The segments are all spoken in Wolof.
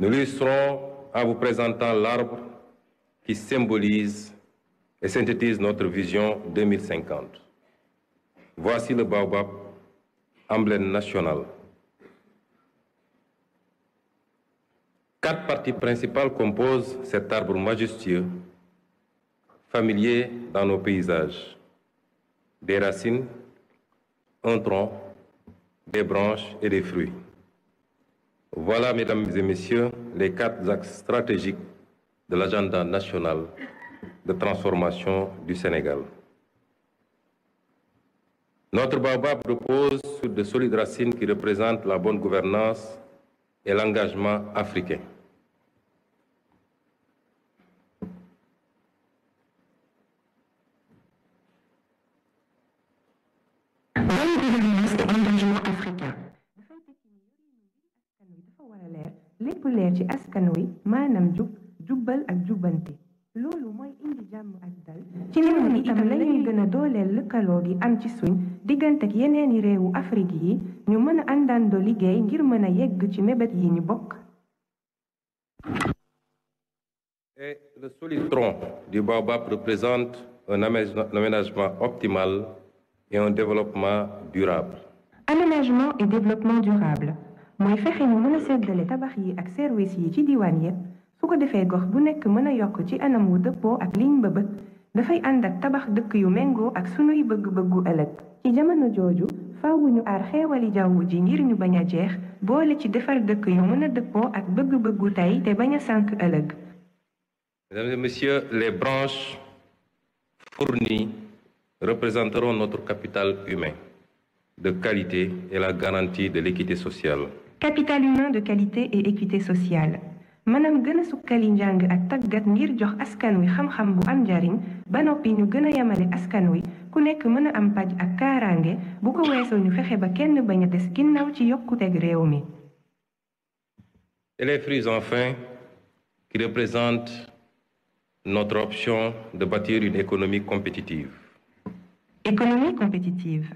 Nous l'illustrons en vous présentant l'arbre qui symbolise et synthétise notre vision 2050. Voici le baobab, emblème national. Quatre parties principales composent cet arbre majestueux, familier dans nos paysages. Des racines, un tronc, des branches et des fruits. Voilà, mesdames et messieurs, les quatre axes stratégiques de l'agenda national de transformation du Sénégal. Notre Baba propose sur de solides racines qui représentent la bonne gouvernance et l'engagement africain. dafa war leer lépp leer ci askan wi maanaam jub jubbal ak jubbante loolu mooy indi jàmm ak dal ci noonu itam lañuy gën a dooleel lëkkaloo gi am ci suñ diggante ak yeneeni réewu Afrique yi ñu mën a àndandoo liggéey ngir mën a yegg ci mébét yi ñu bokk Et le solitron du baobab représente un aménagement développement durable. Aménagement et mooy fexe ñu mën a séddale tabax yi ak service yi ci diwaan yépp su ko defee gox bu nekk mën a yokk ci anam wu dëppoo ak liñ bëbët dafay ànd ak tabax dëkk yu méngoo ak sunuy bëgg-bëggu ëllëg ci jamono jooju faawu ñu aar xeewali jaww ji ngir ñu bañ a jeex boole ci defar dëkk yu mën a dëppoo ak bëgg-bëggu tey te bañ a sànk ëllëg Mesdames et messieurs, les branches fournies représenteront notre capital humain de qualité et la garantie de l'équité sociale. capital humain de qualité et équité sociale maanaam gën a sukkali njàng ak tàggat ngir jox askan wi xam-xam bu am njariñ ba noppi ñu gën a yamale askan wi ku nekk mën a am paj ak kaaraange bu ko weesoo ñu fexe ba kenn bañ a des ginnaaw ci yokkuteg réew mi. Et les fruits enfin qui représentent notre option de bâtir une économie compétitive. Économie compétitive.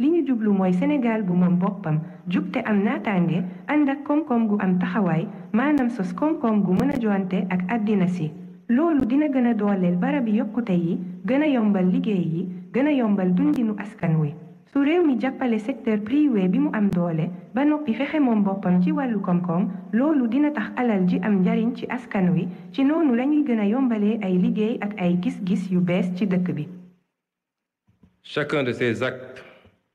li ñu jublu mooy Sénégal bu moom boppam jub te am naataange ànd ak koom-koom gu am taxawaay maanaam sos koom-koom gu mën a joante ak àddina si loolu dina gëna dooleel barabi yokkute yi gëna yombal liggéey yi gën yombal dundinu askan wi su réew mi jàppale secteur privé bi mu am doole ba noppi fexe moom boppam ci wàllu koom-koom loolu dina tax alal ji am njariñ ci askan wi ci noonu lañuy gëna yombalee ay liggéey ak ay gis-gis yu bees ci dëkk bi.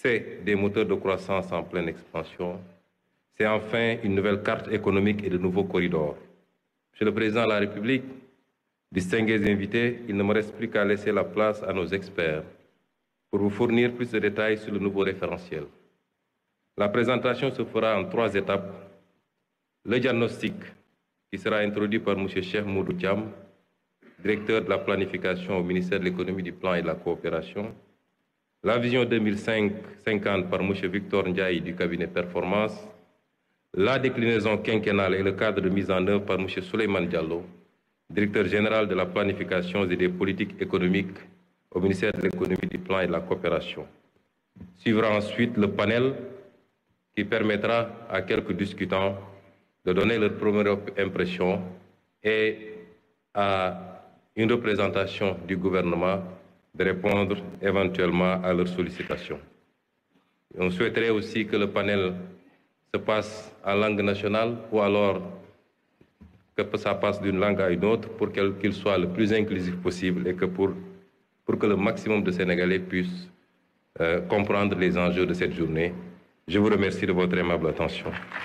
c'est des moteurs de croissance en pleine expansion, c'est enfin une nouvelle carte économique et de nouveaux corridors. Monsieur le Président de la République, distingués invités, il ne me reste plus qu'à laisser la place à nos experts pour vous fournir plus de détails sur le nouveau référentiel. La présentation se fera en trois étapes. Le diagnostic, qui sera introduit par M. Cheikh Moudou directeur de la planification au ministère de l'économie, du plan et la coopération, La vision 2050 par M. Victor Ndiaye du cabinet Performance, la déclinaison quinquennale et le cadre de mise en œuvre par M. Souleymane Diallo, directeur général de la planification et des politiques économiques au ministère de l'économie, du plan et de la coopération. Suivra ensuite le panel qui permettra à quelques discutants de donner leur première impression et à une représentation du gouvernement de répondre éventuellement à leurs sollicitations. Et on souhaiterait aussi que le panel se passe en langue nationale ou alors que ça passe d'une langue à une autre pour qu'il soit le plus inclusif possible et que pour, pour que le maximum de Sénégalais puissent euh, comprendre les enjeux de cette journée. Je vous remercie de votre aimable attention.